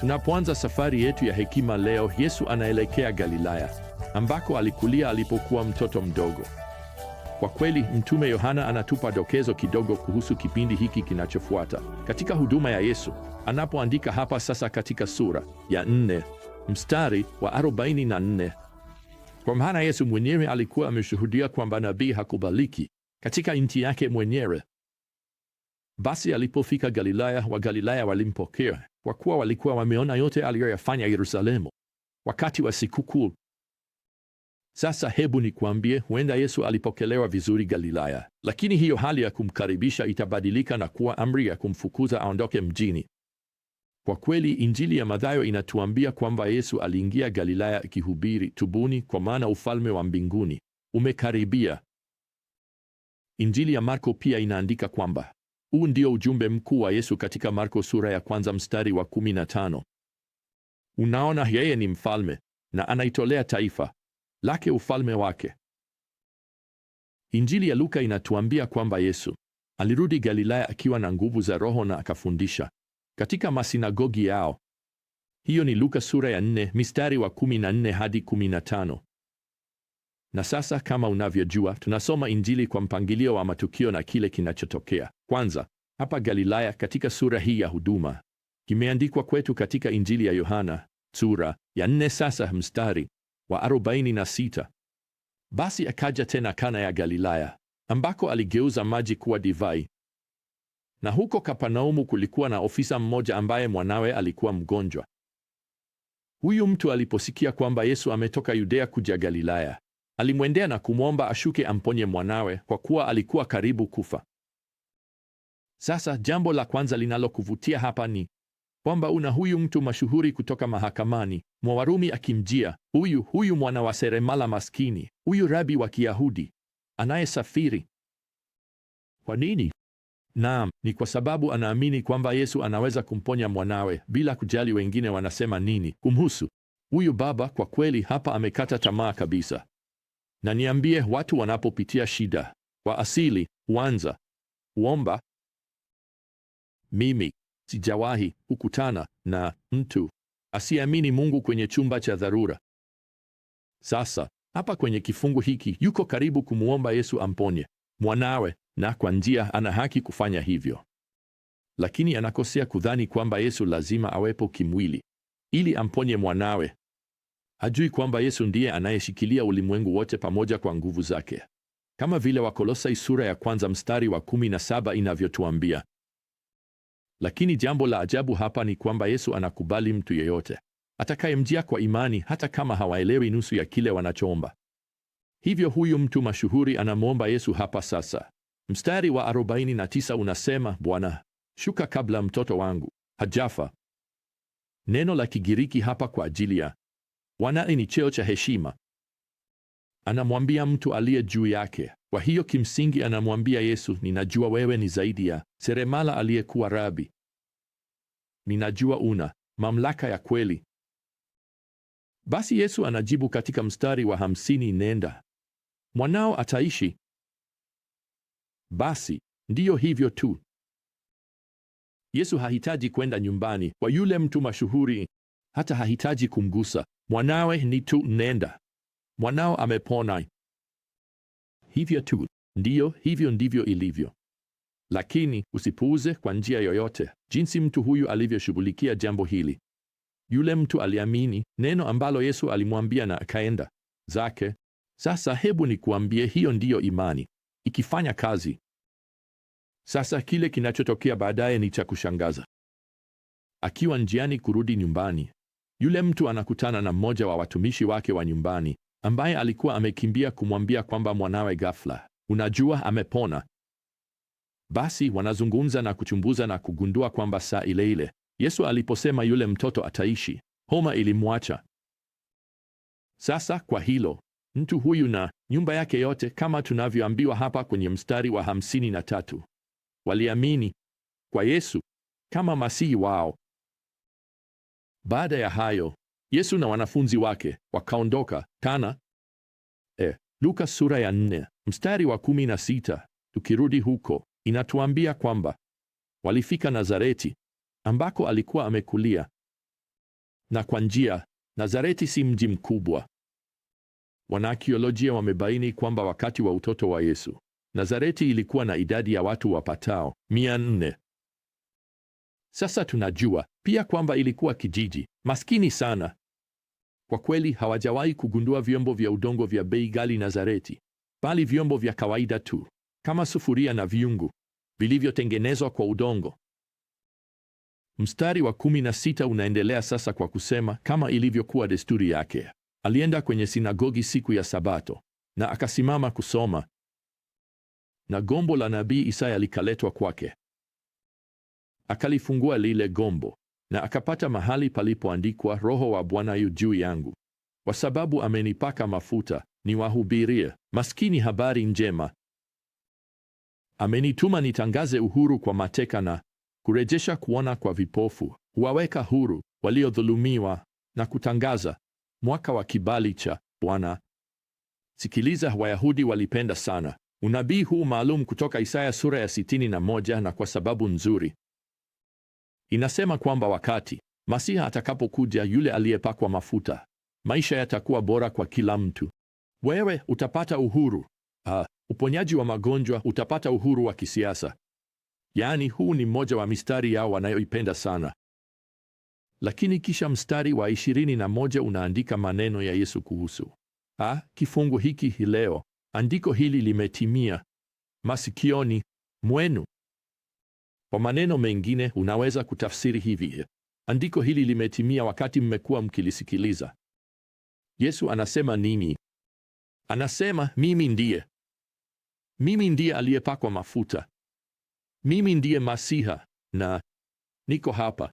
Tunapoanza safari yetu ya hekima leo, Yesu anaelekea Galilaya ambako alikulia alipokuwa mtoto mdogo. Kwa kweli, Mtume Yohana anatupa dokezo kidogo kuhusu kipindi hiki kinachofuata katika huduma ya Yesu anapoandika hapa sasa katika sura ya nne mstari wa arobaini na nne kwa maana Yesu mwenyewe alikuwa ameshuhudia kwamba nabii hakubaliki katika nchi yake mwenyewe. Basi alipofika Galilaya, Wagalilaya walimpokea kwa kuwa walikuwa wameona yote aliyoyafanya Yerusalemu wakati wa sikukuu. Sasa hebu kuambie huenda Yesu alipokelewa vizuri Galilaya, lakini hiyo hali ya kumkaribisha itabadilika na kuwa amri ya kumfukuza aondoke mjini. Kwa kweli, Injili ya Mathayo inatuambia kwamba Yesu aliingia Galilaya akihubiri, tubuni, kwa maana ufalme wa mbinguni umekaribia. Injili ya Marko pia inaandika kwamba huu ndio ujumbe mkuu wa Yesu katika Marko sura ya kwanza mstari wa 15. Unaona, yeye ni mfalme na anaitolea taifa lake ufalme wake. Injili ya Luka inatuambia kwamba Yesu alirudi Galilaya akiwa na nguvu za Roho na akafundisha katika masinagogi yao. Hiyo ni Luka sura ya nne mstari wa 14 hadi 15. Na sasa kama unavyojua, tunasoma injili kwa mpangilio wa matukio na kile kinachotokea kwanza, hapa Galilaya katika sura hii ya huduma kimeandikwa kwetu katika Injili ya Yohana sura ya nne sasa mstari wa sita. Basi akaja tena Kana ya Galilaya ambako aligeuza maji kuwa divai. Na huko Kapanaumu kulikuwa na ofisa mmoja ambaye mwanawe alikuwa mgonjwa. Huyu mtu aliposikia kwamba Yesu ametoka Yudea kuja Galilaya, alimwendea na kumwomba ashuke amponye mwanawe kwa kuwa alikuwa karibu kufa. Sasa jambo la kwanza linalokuvutia hapa ni kwamba una huyu mtu mashuhuri kutoka mahakamani mwa Warumi akimjia huyu huyu mwana wa seremala maskini, huyu rabi wa Kiyahudi anayesafiri. Kwa nini? Naam, ni kwa sababu anaamini kwamba Yesu anaweza kumponya mwanawe bila kujali wengine wanasema nini kumhusu. Huyu baba kwa kweli hapa amekata tamaa kabisa. Na niambie, watu wanapopitia shida kwa asili huanza kuomba mimi sijawahi kukutana na mtu asiamini Mungu kwenye chumba cha dharura. Sasa hapa kwenye kifungu hiki yuko karibu kumwomba Yesu amponye mwanawe, na kwa njia ana haki kufanya hivyo, lakini anakosea kudhani kwamba Yesu lazima awepo kimwili ili amponye mwanawe. Hajui kwamba Yesu ndiye anayeshikilia ulimwengu wote pamoja kwa nguvu zake, kama vile Wakolosai sura ya kwanza mstari wa 17 inavyotuambia. Lakini jambo la ajabu hapa ni kwamba Yesu anakubali mtu yeyote atakayemjia kwa imani, hata kama hawaelewi nusu ya kile wanachoomba. Hivyo huyu mtu mashuhuri anamwomba Yesu hapa sasa. Mstari wa 49 unasema, Bwana, shuka kabla mtoto wangu hajafa. Neno la Kigiriki hapa kwa ajili ya wana ni cheo cha heshima. Anamwambia mtu aliye juu yake, kwa hiyo kimsingi anamwambia Yesu, ninajua wewe ni zaidi ya seremala aliyekuwa rabi, ninajua una mamlaka ya kweli. Basi Yesu anajibu katika mstari wa hamsini, nenda mwanao ataishi. Basi ndiyo hivyo tu. Yesu hahitaji kwenda nyumbani kwa yule mtu mashuhuri, hata hahitaji kumgusa mwanawe. Ni tu nenda, mwanao amepona hivyo tu, ndiyo hivyo ndivyo ilivyo. Lakini usipuuze kwa njia yoyote jinsi mtu huyu alivyoshughulikia jambo hili. Yule mtu aliamini neno ambalo Yesu alimwambia na akaenda zake. Sasa hebu nikuambie, hiyo ndiyo imani ikifanya kazi. Sasa kile kinachotokea baadaye ni cha kushangaza. Akiwa njiani kurudi nyumbani, yule mtu anakutana na mmoja wa watumishi wake wa nyumbani ambaye alikuwa amekimbia kumwambia kwamba mwanawe ghafla, unajua, amepona. Basi wanazungumza na kuchumbuza na kugundua kwamba saa ile ile Yesu aliposema yule mtoto ataishi, homa ilimwacha. Sasa kwa hilo mtu huyu na nyumba yake yote, kama tunavyoambiwa hapa kwenye mstari wa hamsini na tatu, waliamini kwa Yesu kama masihi wao. Baada ya hayo Yesu na wanafunzi wake wakaondoka tana. E, Luka sura ya nne mstari wa kumi na sita tukirudi huko inatuambia kwamba walifika Nazareti ambako alikuwa amekulia, na kwa njia, Nazareti si mji mkubwa. Wanaakiolojia wamebaini kwamba wakati wa utoto wa Yesu Nazareti ilikuwa na idadi ya watu wapatao mia nne. Sasa tunajua pia kwamba ilikuwa kijiji maskini sana kwa kweli hawajawahi kugundua vyombo vya udongo vya bei ghali Nazareti, bali vyombo vya kawaida tu kama sufuria na viungu vilivyotengenezwa kwa udongo. Mstari wa kumi na sita unaendelea sasa kwa kusema, kama ilivyokuwa desturi yake, alienda kwenye sinagogi siku ya Sabato na akasimama kusoma, na gombo la nabii Isaya likaletwa kwake. Akalifungua lile gombo na akapata mahali palipoandikwa Roho wa Bwana yu juu yangu, kwa sababu amenipaka mafuta niwahubirie maskini habari njema, amenituma nitangaze uhuru kwa mateka na kurejesha kuona kwa vipofu, huwaweka huru waliodhulumiwa na kutangaza mwaka wa kibali cha Bwana. Sikiliza, Wayahudi walipenda sana unabii huu maalum kutoka Isaya sura ya sitini na moja, na kwa sababu nzuri Inasema kwamba wakati Masiha atakapokuja, yule aliyepakwa mafuta, maisha yatakuwa bora kwa kila mtu. Wewe utapata uhuru, uh, uponyaji wa magonjwa, utapata uhuru wa kisiasa. Yaani, huu ni mmoja wa mistari yao wanayoipenda sana. Lakini kisha mstari wa ishirini na moja unaandika maneno ya Yesu kuhusu ah, kifungu hiki leo, andiko hili limetimia masikioni mwenu. Kwa maneno mengine, unaweza kutafsiri hivi: andiko hili limetimia wakati mmekuwa mkilisikiliza. Yesu anasema nini? Anasema, mimi ndiye, mimi ndiye aliyepakwa mafuta, mimi ndiye Masiha na niko hapa.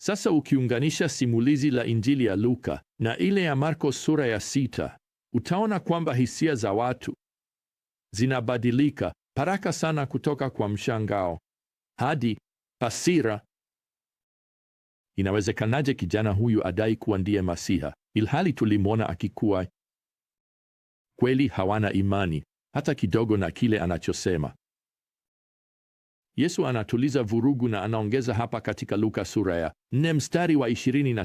Sasa ukiunganisha simulizi la Injili ya Luka na ile ya Marko sura ya sita, utaona kwamba hisia za watu zinabadilika haraka sana kutoka kwa mshangao hadi hasira. Inawezekanaje kijana huyu adai kuwa ndiye Masiha ilhali tulimwona akikuwa? Kweli hawana imani hata kidogo na kile anachosema. Yesu anatuliza vurugu na anaongeza hapa katika Luka sura ya nne mstari wa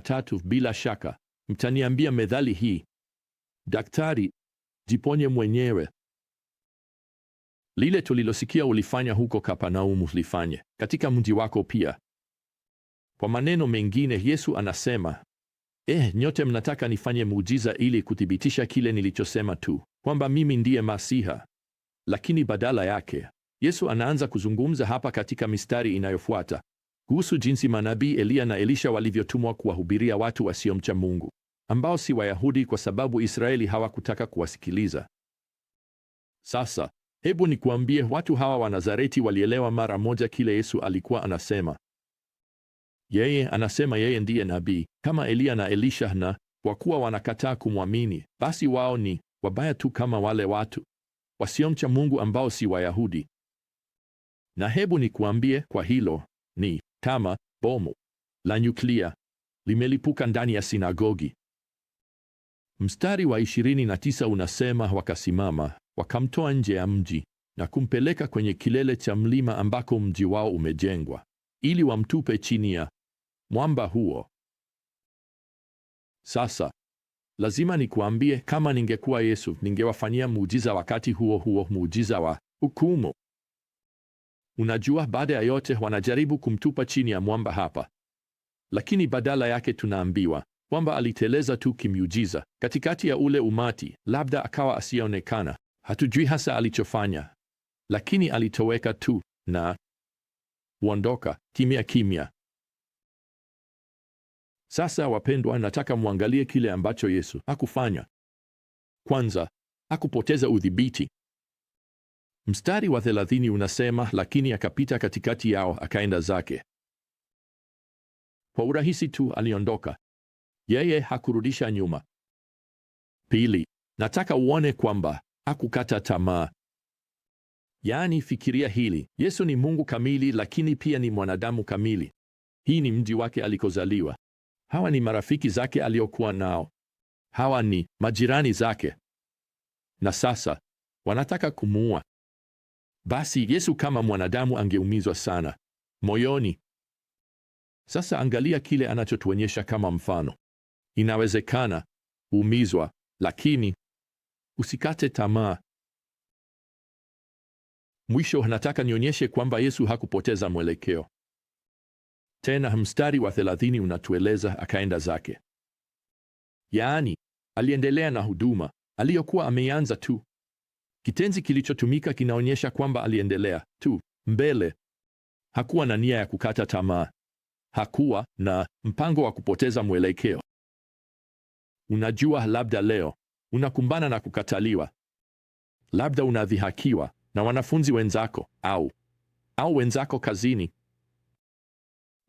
tatu bila shaka mtaniambia methali hii, daktari, jiponye mwenyewe, lile tulilosikia ulifanya huko Kapanaumu lifanye katika mji wako pia. Kwa maneno mengine, Yesu anasema eh, nyote mnataka nifanye muujiza ili kuthibitisha kile nilichosema tu kwamba mimi ndiye Masiha. Lakini badala yake Yesu anaanza kuzungumza hapa katika mistari inayofuata kuhusu jinsi manabii Eliya na Elisha walivyotumwa kuwahubiria watu wasiomcha Mungu ambao si Wayahudi kwa sababu Israeli hawakutaka kuwasikiliza. Sasa Hebu nikuambie, watu hawa wa Nazareti walielewa mara moja kile Yesu alikuwa anasema. Yeye anasema yeye ndiye nabii kama Eliya na Elisha, na kwa kuwa wanakataa kumwamini, basi wao ni wabaya tu kama wale watu wasiomcha Mungu ambao si Wayahudi. Na hebu nikuambie, kwa hilo ni kama bomu la nyuklia limelipuka ndani ya sinagogi. Mstari wa 29 unasema wakasimama Wakamtoa nje ya mji na kumpeleka kwenye kilele cha mlima ambako mji wao umejengwa ili wamtupe chini ya mwamba huo. Sasa lazima nikuambie, kama ningekuwa Yesu ningewafanyia muujiza wakati huo huo, muujiza wa hukumu. Unajua, baada ya yote wanajaribu kumtupa chini ya mwamba hapa, lakini badala yake tunaambiwa kwamba aliteleza tu kimiujiza katikati ya ule umati, labda akawa asiyeonekana Hatujui hasa alichofanya, lakini alitoweka tu na kuondoka kimya kimya. Sasa wapendwa, nataka mwangalie kile ambacho Yesu hakufanya. Kwanza, hakupoteza udhibiti. Mstari wa thelathini unasema, lakini akapita katikati yao akaenda zake. Kwa urahisi tu aliondoka, yeye hakurudisha nyuma. Pili, nataka uone kwamba hakukata tamaa. Yaani, fikiria hili, Yesu ni Mungu kamili, lakini pia ni mwanadamu kamili. Hii ni mji wake alikozaliwa, hawa ni marafiki zake aliokuwa nao, hawa ni majirani zake, na sasa wanataka kumuua. Basi Yesu kama mwanadamu angeumizwa sana moyoni. Sasa angalia kile anachotuonyesha kama mfano. Inawezekana umizwa, lakini usikate tamaa. Mwisho nataka nionyeshe kwamba Yesu hakupoteza mwelekeo. Tena mstari wa thelathini unatueleza akaenda zake, yaani aliendelea na huduma aliyokuwa ameanza tu. Kitenzi kilichotumika kinaonyesha kwamba aliendelea tu mbele. Hakuwa na nia ya kukata tamaa, hakuwa na mpango wa kupoteza mwelekeo. Unajua, labda leo unakumbana na kukataliwa, labda unadhihakiwa na wanafunzi wenzako au au wenzako kazini.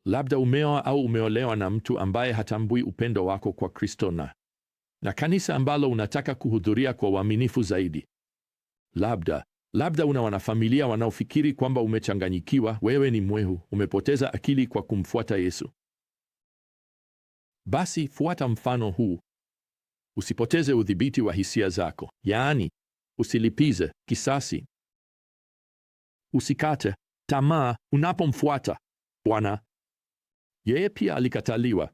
Labda umeoa au umeolewa na mtu ambaye hatambui upendo wako kwa Kristo na na kanisa ambalo unataka kuhudhuria kwa uaminifu zaidi. Labda labda una wanafamilia wanaofikiri kwamba umechanganyikiwa, wewe ni mwehu, umepoteza akili kwa kumfuata Yesu. Basi fuata mfano huu Usipoteze udhibiti wa hisia zako, yaani usilipize kisasi. Usikate tamaa unapomfuata Bwana. Yeye pia alikataliwa.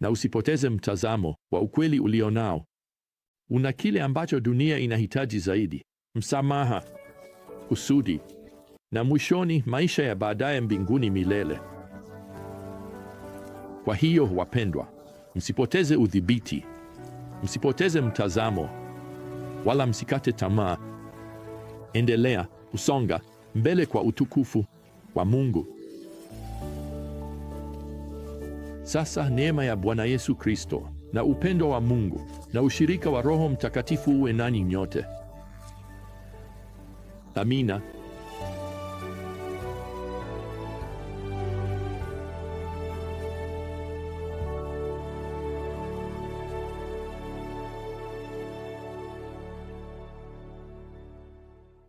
Na usipoteze mtazamo wa ukweli ulionao. Una kile ambacho dunia inahitaji zaidi: msamaha, kusudi na mwishoni, maisha ya baadaye mbinguni milele. Kwa hiyo, wapendwa, msipoteze udhibiti. Msipoteze mtazamo wala msikate tamaa. Endelea kusonga mbele kwa utukufu wa Mungu. Sasa neema ya Bwana Yesu Kristo na upendo wa Mungu na ushirika wa Roho Mtakatifu uwe nanyi nyote. Amina.